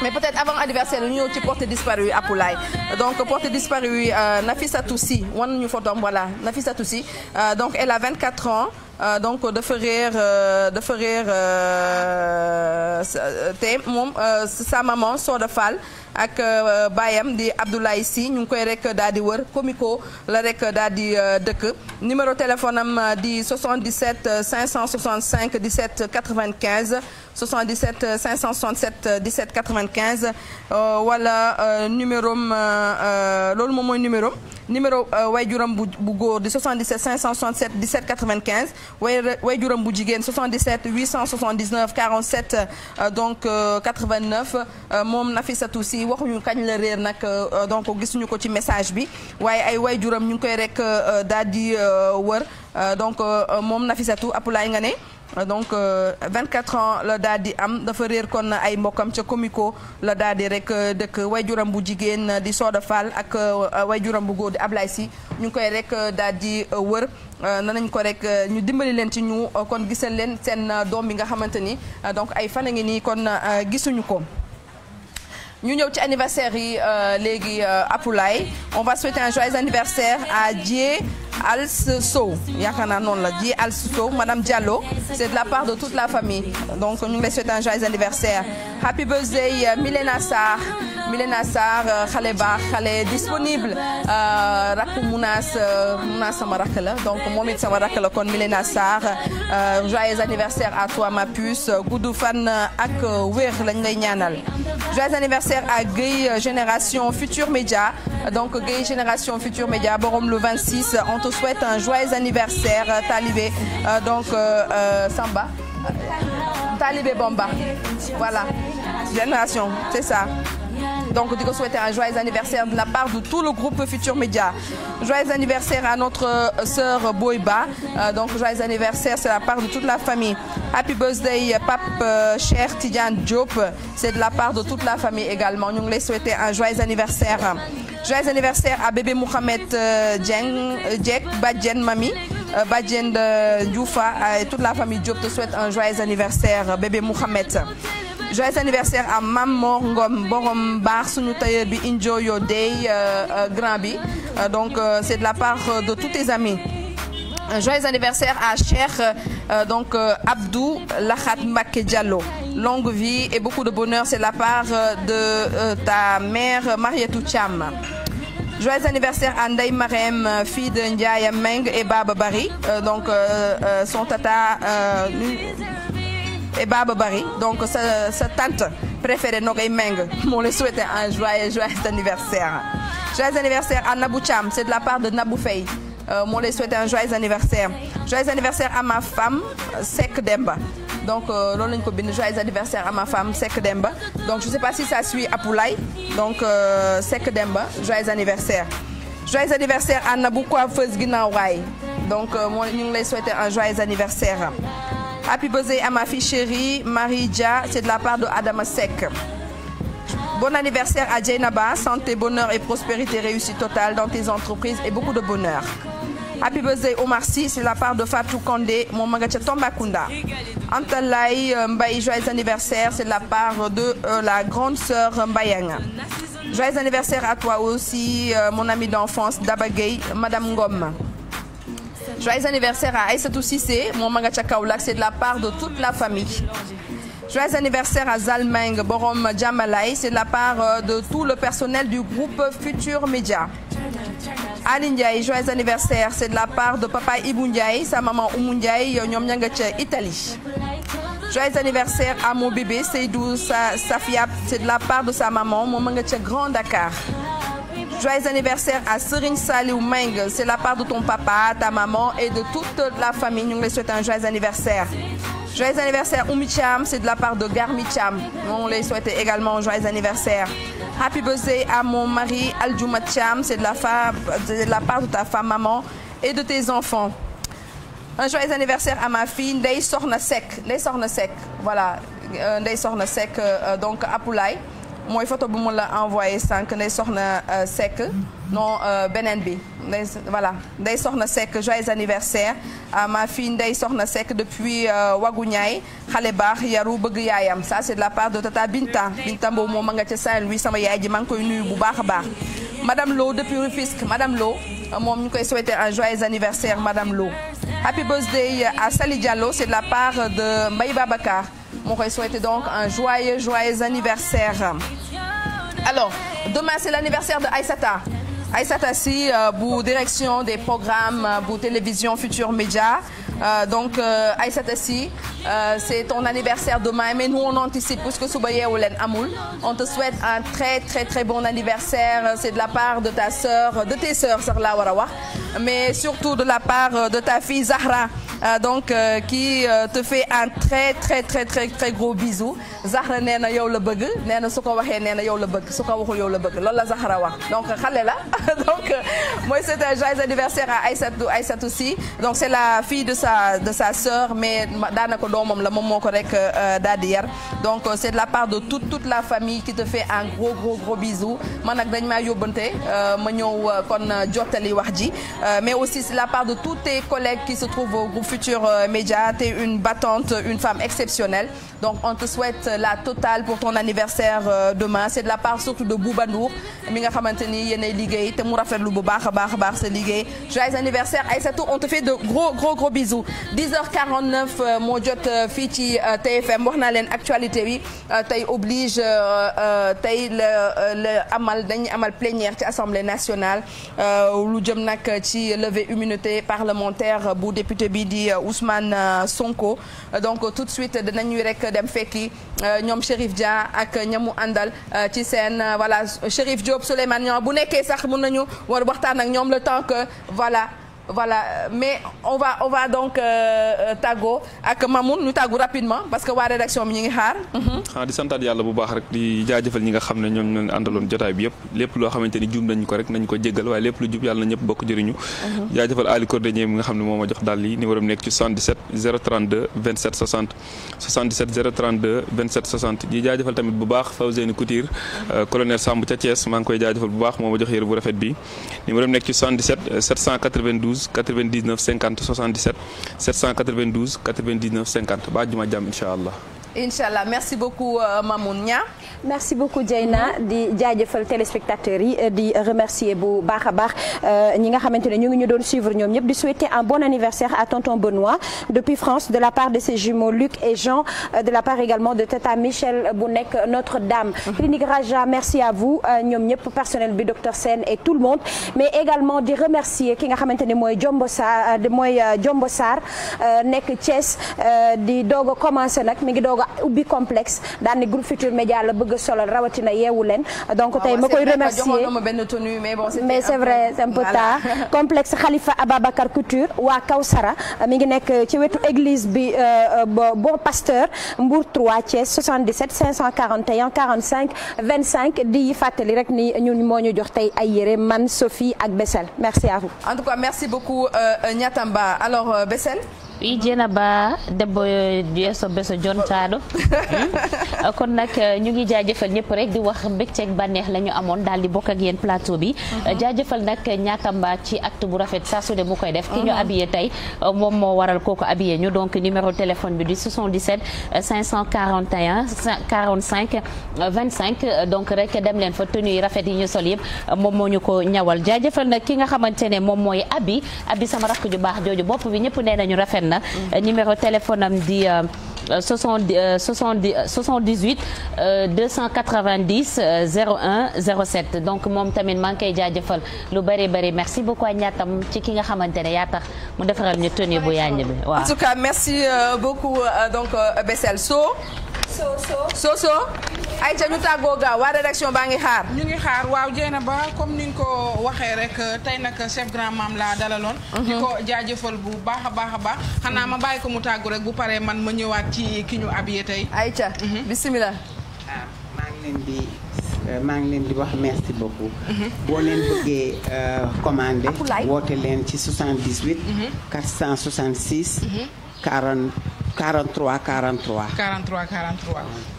mais peut-être avant anniversaire ñu ñëw ci porté disparu Apulaay donc porté disparu euh, Nafisatou Sy wan ñu photom voilà Nafisatou Sy euh, donc elle a 24 ans euh, donc dafa réer dafa réer moom sa maman Soda Fall ak euh, baayam di Abdoulaye Sy ñu ngi koy rekk daal di wër comico la rek daal di euh, dëkk numéro téléphone am euh, di 77 565 17 95 77 567 17 95 wala numéro am loolu moom mooy numéro numéro wayjuram bu bu góor di 77 567 17 95 way wayjuram bu jigéen 77 879 47 donc moom Nafisatou Sy aussi waxuñu kañ la réer nag euh, donc gisuñu ko ci message bi waaye ay wayjuram ñu ngi koy rek euh, daal di euh, wër donc moom Nafisatou Apulaay nga ne donc 24 ans la daal di am dafa réer kon ay mbokkam ca comico la daal di rek dëkk wayjuram bu jigéen di Soda Fall ak wayjuram bu góor di Ablaye Si ñu ngi koy rek daal di wër nanañ ko rek ñu dimbali leen ci ñu kon gisal leen seen doom bi nga xamante ni donc ay fan a ngi nii kon gisuñu ko ñu ñëw ci anniversaire yi euh, léegi euh, Apoulaye on va souhaiter un joyeux anniversaire à Dié Als Sow yaakaar noonu la Dié Als Sow madame Diallo c'est de la part de toute la famille donc ñu ngi lay souhaiter un joyeux anniversaire happy birthday euh, Milena Milena Sarr xale baax xale disponible euh, rakk Mounas euh, Mounas sama rakk la donc moom it sama rakk la kon Milena Sarr euh, joyeux anniversaire à toi ma puce gudd fan ak wér lañ lay ñaanal joyeux anniversaire à Guèye Génération Futur Média donc Guèye Génération Futur Média borom le 26 on te souhaite un joyeux anniversaire talibé donc Samba talibé Bomba voilà donc di ko souhaiter un joyeux anniversaire de la part de tout le groupe Futur Média joyeux anniversaire à notre euh, sœur Boyba euh, donc joyeux anniversaire c'est de la part de toute la famille happy birthday Pape euh, Cheikh Tidiane Diop c'est de la part de toute la famille également ñu ngi lay souhaiter un joyeux anniversaire joyeux anniversaire à bébé Mouhamed Dieng Diek Badjen Mami Badjen Djoufa et toute la famille Diop te souhaite un joyeux anniversaire bébé Mouhamed joyeux anniversaire à Mam Mor Ngom borom suñu tailleur bi enjoy your day euh, euh, grand bi euh, donc c'est de la part de tous tes amis joyeux anniversaire à Cheikh donc Abdou Lahat Mbacké Diallo longue vie et beaucoup de bonheur c'est de la part de ta mère Marietou Thiam Joyeux anniversaire à Ndeye Marème fille de Ndiaye Meng et Baba Bari donc son tata et Baba Bari donc sa tant tante préférée Nogay Meng moo lay souhaité un joyeux joyeux anniversaire. joyeux anniversaire à Nabou Cham c'est de la part de Nabou Faye euh, moo les souhaité un joyeux anniversaire joyeux anniversaire à ma femme Seck Demba. donc euh, loolu lañu ko bind joyeux anniversaire à ma femme Seck Demba donc je sais pas si ça suit Apoulaye donc euh, Seck Demba joyeux anniversaire. joyeux anniversaire à Nabou coiffeuse Guinaw Rail donc euh, moo ñu ngi lay souhaité un joyeux anniversaire. Happy birthday à ma fille chérie Marie Dia, c'est de la part de Adama Seck. Bon anniversaire à Dieynaba, santé, bonheur et prospérité, réussite totale dans tes entreprises et beaucoup de bonheur. Happy birthday Omar Sy, c'est de la part de Fatou Kandé, moom ma nga ca Tambacounda. Anta Lay euh, Mbaye, c'est de la part de euh, la grande sœur Mbayang. Joyeux anniversaire à toi aussi euh, mon ami d'enfance Daba Madame Ngom. Joyeux anniversaire à Aïssatou Sissé, moom ma nga ca Kaolack, c'est de la part de toute la famille. Joyeux anniversaire à Zalmeng Borom Jamalay, c'est de la part euh, de tout le personnel du groupe Futur Média. Ali Ndiaye, joyeux anniversaire, c'est de la part de papa Ibou sa maman Oumou Ndiaye, euh, ñoom ña nga ca Italie. Joyeux anniversaire à mon bébé Seydou Safia, c'est de la part de sa maman, moom ma ca Grand Dakar. Joyeux anniversaire à Serigne Saliou Meng c'est la part de ton papa ta maman et de toute la famille ñu ngi lay souhaiter un joyeux anniversaire. joyeux la part de Garmi Thiam on lay souhaiter également un joyeux anniversaire. happy birthday à mon mari Aldiouma c'est de la fa la part de ta femme maman et de tes enfants. Un joyeux anniversaire à ma fille Ndeye Sokhna Seck Ndeye Sokhna Seck voilà euh, Ndeye Sokhna Seck euh, euh, donc Apoulaye. mooy photo bu mu la envoyé sànq nday soxna euh, Seck non euh, beneen bi nday voilà soxna Seck joyeux anniversaire ma fille nday soxna Seck depuis euh, Wagu Ñaay xale baax yaru bëgg yaayam ça c'est de la part de tata Binta Binta boobu moom ma nga ca Saint-Louis sama yaay ji maa ngi koy nuyu bu baax a baax madame Lo depuis Rufisque madame Lo moom ñu koy souhaiter un joyeux anniversaire madame Lo happy birthday à Sali Diallo c'est de la part de mbay Babacar On koy souhaiter donc un joyeux, joyeux anniversaire. Alors, demain c'est l'anniversaire de Aïssata. Aïssata Sy euh, bu direction des programmes euh, bu télévision Futur Média euh, donc euh, Aïssata Sy euh, c'est ton anniversaire demain mais nous on anticipe puisque suba yeewu leen amul on te souhaite un très très très bon anniversaire c'est de la part de ta sœur de tes sœurs sax laa war a wax mais surtout de la part de ta fille Zahra Euh, donc euh, qui euh, te fait un très très très très très gros bisou Zahra nee na yow la bëgg nee na su ko waxee nee na yow la bëgg su ko waxul yow la bëgg loolu la Zahra wax donc xale la donc mooy c'est un joyeux anniversaire à Aïssatou Aïssatou Sy donc c'est la fille de sa de sa sœur mais daanaka doomam la moom moo ko rek daal di yar donc c'est de la part de toute la famille qui te fait un gros gros gros man nag dañ maa yóbbante ma ñëw kon jottali wax ji mais aussi c'est la part de tous tes collègues qui se trouvent Futurs euh, Médias tu es une battante une femme exceptionnelle donc on te souhaite la totale euh, la part surtout de Bouba mi nga xamante ni yéenay liggéey te mu rafetlu bu baax a baax a baax sa liggéey joyeux anniversaire Aïssatou on te fait euh, jot fii ci TFM wax naa leen actualité bi tey oblige tey la la dañuy amal plénière ci assemblée nationale di euh, Ousmane euh, Sonko euh, donc tout de suite dinañuy rek dem fekki ñoom Chérif Dia ak ñamu àndal ci seen voilà Chérif Diop Souleymane ñoom bu nekkee sax mën nañu war waxtaan ak le temps que voilà voilà mais on va on va donc euh, euh, tàggoo ak Mamoun ñu tàggu rapidement parce que waa rédaction bi ñu ngi xaar. Mm-hmm. ah di santaat yàlla bu baax rek di jaajëfal ñi nga xam ne ñoom ñoo àndaloon jotaay bi yëpp lépp loo xamante ni jub nañ ko rek nañ ko jéggal waaye lépp mm-hmm. moo ma jox daal lii numéro bi nekk ci 77 032 27 tamit bu baax Fawzeyni ni mm-hmm. euh, colonel Samb ca Thiès maa ngi koy jaajëfal bu baax moo ma jox yére bu rafet bi numéro nekk ci 792 99 50 77 792 99 50 ba àjjuma jàmm incha allah. incha allah merci beaucoup euh, Mamoun Nia. merci beaucoup Dieyna di jaajëfal téléspectateurs yi di remercier bu baax a baax euh, ñi nga xamante ne ñu ngi ñu doon suivre ñoom ñëpp di souhaiter un bon anniversaire à tonton Benoît depuis France de la part de ses jumeaux Luc et Jean euh, de la part également de tata Michel bu nekk Notre-Dame. Mhm. Clinique Raja merci à vous ñoom ñëpp personnel bi docteur Sène et tout le monde mais également di remercier ki nga xamante ne mooy Jombo Sarr mooy Jombo Sarr nekk Thiès di doog a commencé mi ngi a ubbi complexe daan ne groupe Futur Média la bëgg a solal rawatina yeewu leen donc ah tey ma koy remercier mais c'est vrai c'est un peu tard complexe Khalifa Ababacar Couture waa kaw sara mi ngi nekk ci wetu église bi euh, euh, bon pasteur Mbour 3 Thiès 77 541 45 25 di fàttali rek ni ñun moo ñu jox tey ay yére man Sophie ak Bessel merci à vous. en tout cas merci beaucoup euh, Nyatamba alors Bessel. oui Djenaba Debbo Yeso Beso John Tare Dado kon nag euh, ñu ngi jëfal ñëpp rek di wax mbégteeg bànneex la ñu amoon daal di bokk ak yéen plateau bi uh-huh. jaajëfal nag ñaatamba ci acte bu rafet saa su ne mu koy def ki ñu uh-huh. habillé tey euh, moom moo waral kooku habillé ñu donc numéro téléphone bi di 77 541 45 25 donc rek dem leen fa tenue yi rafet yi ñu sol yëpp euh, moom moo ñu ko ñawal jaajëfal nag ki nga xamante ne moom mooy abi abi sama rakk ju baax jooju bopp bi ñëpp nee nañu rafet na uh-huh. numéro téléphone am di soixante euh, soixante euh, soixante dix euh, huit deux cent quatre vingt dix zéro un zéro donc moom tamit maa ngi koy jaajëfal lu bari bari merci beaucoup à ñaatam ci ki nga xamante ne yaa tax mu defaral ñu tenue bu yaañ bi waaw. en tout merci beaucoup donc Bessel So. So So So So. ay ca ñu tàggoo gaaw waa rédaction baa ngi xaar. ñu ngi xaar waaw jéena ba comme ni nga ko waxee rek tey nag chef grand mam laa dalaloon. Mhm. di ko jaajëfal bu baax a baax a baax. xanaa ma bàyyi ko mu tàggu rek bu paree man ma ñëwaat ci ki ñu abiyee tey. ay ca mhm. bisimilah. waaw ah, maa ngi leen di. Euh, maa ngi leen di wax merci beaucoup. Mhm. boo leen bëggee euh, commander. woote leen ci 78. 466. 40. 43 43. 43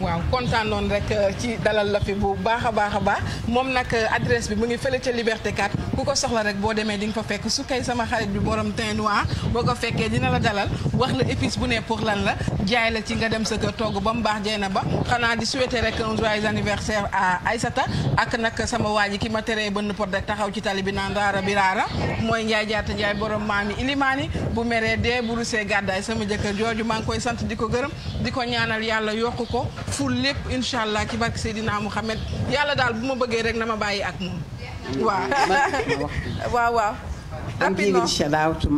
43 waaw kontaan noonu rek euh, ci dalal la fi bu baax a baax a baax moom nag euh, adresse bi mu ngi fële ca Liberté 4 ku ko soxla rek boo demee di fa fekk su kay sama xarit bi borom teint noir boo ko fekkee dina la dalal wax la épice bu ne pour lan la jaay la ci nga dem sa kër togg ba mu baax jey na ba xanaa di souhaiter rek un joyeux anniversaire à Aïssata ak nag sama waa ki ma teree bënn pot rek taxaw ci tali bi naan raara bi raara mooy njaay jaata njaay borom maami ilimaani bu meree dee bu rusee koy sant di ko gërëm di ko ñaanal yàlla yokk ko ful lépp incha allah ci barke Seydina Mouhamed yàlla daal bu ma bëggee rek na ma bàyyi ak moom. waaw waaw waaw. I'm giving shout out uh,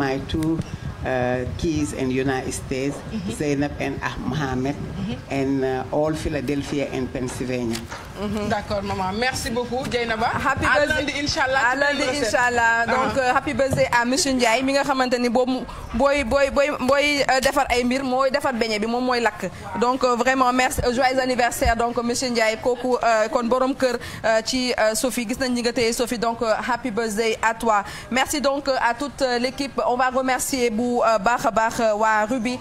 United States. Mm-hmm. Zeynep and Mohamed. Mm-hmm. and uh, all Philadelphia and Pennsylvania. Mm -hmm. D'accord, maman. Merci beaucoup, Dieynaba. Happy à birthday lundi, ah. euh, monsieur Ndiaye mi nga xamante ni boobu booy booy booy booy euh, defar ay mbir mooy defar beñe bi moom mooy lakk. donc euh, vraiment merci joyeux anniversaire donc monsieur Ndiaye kooku kon borom kër ci Sophie gis nañ ñi nga téye Sophie donc happy birthday a toi. merci donc à toute l'équipe on va remercier bu baax a baax waa Ruby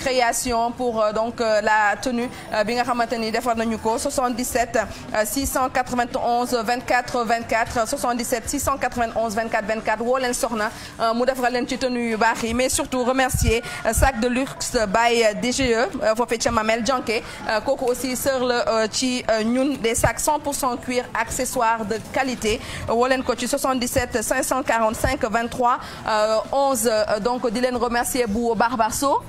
création pour donc la. la tenue euh, bi nga ni defar nañu ko 77 691 24 24 77 691 24 24 woo leen soxna euh, mu defaral leen ci tenue yu baax yi mais surtout remercier euh, sac de luxe by DGE foofee ca Mamel Janké kooku la ci ñun des sacs 100 pour cent cuir accessoires de qualité woo leen ko ci 77 545 23 11 donc di leen remercier bu baax baax so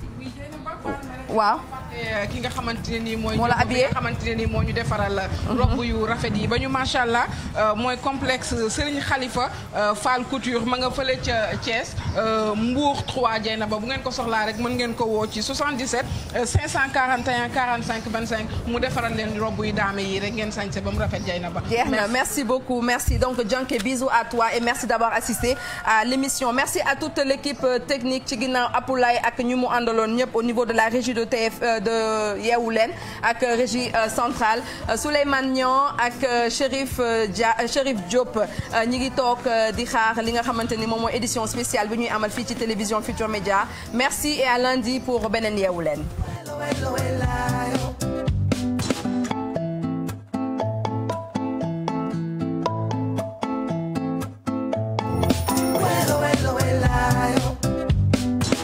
Eh, ki nga xamante ne nii mooy. moo la habillé nga xamante ne nii moo ñu defaral. Eh, robb yu rafet yi ba ñu macha allah eh, mooy complexe Serigne Khalifa Fall Couture ma nga fële ca Thiès Mbour 3 Dieynaba bu ngeen ko soxlaa rek mën ngeen ko woo ci 77 541 45 25 mu defaral leen robb yu daame yi rek ngeen sañse ba mu rafet Dieynaba. jeex na merci beaucoup merci donc Dianké bisous à toi et merci d'avoir assisté à l'émission merci à toute l'équipe euh, technique ci ginnaaw Apoulaye ak ñu mu àndaloon ñëpp au niveau de la régie de TF. Euh, de Yeewu Leen ak régie euh, centrale euh, Souleymane Niang ak euh, Chérif Dia Chérif Diop ñi ngi toog di xaar li nga xamante ni moom mooy édition spéciale bi ñuy amal fii ci télévision Futur Média merci et à lundi pour beneen Yeewu Leen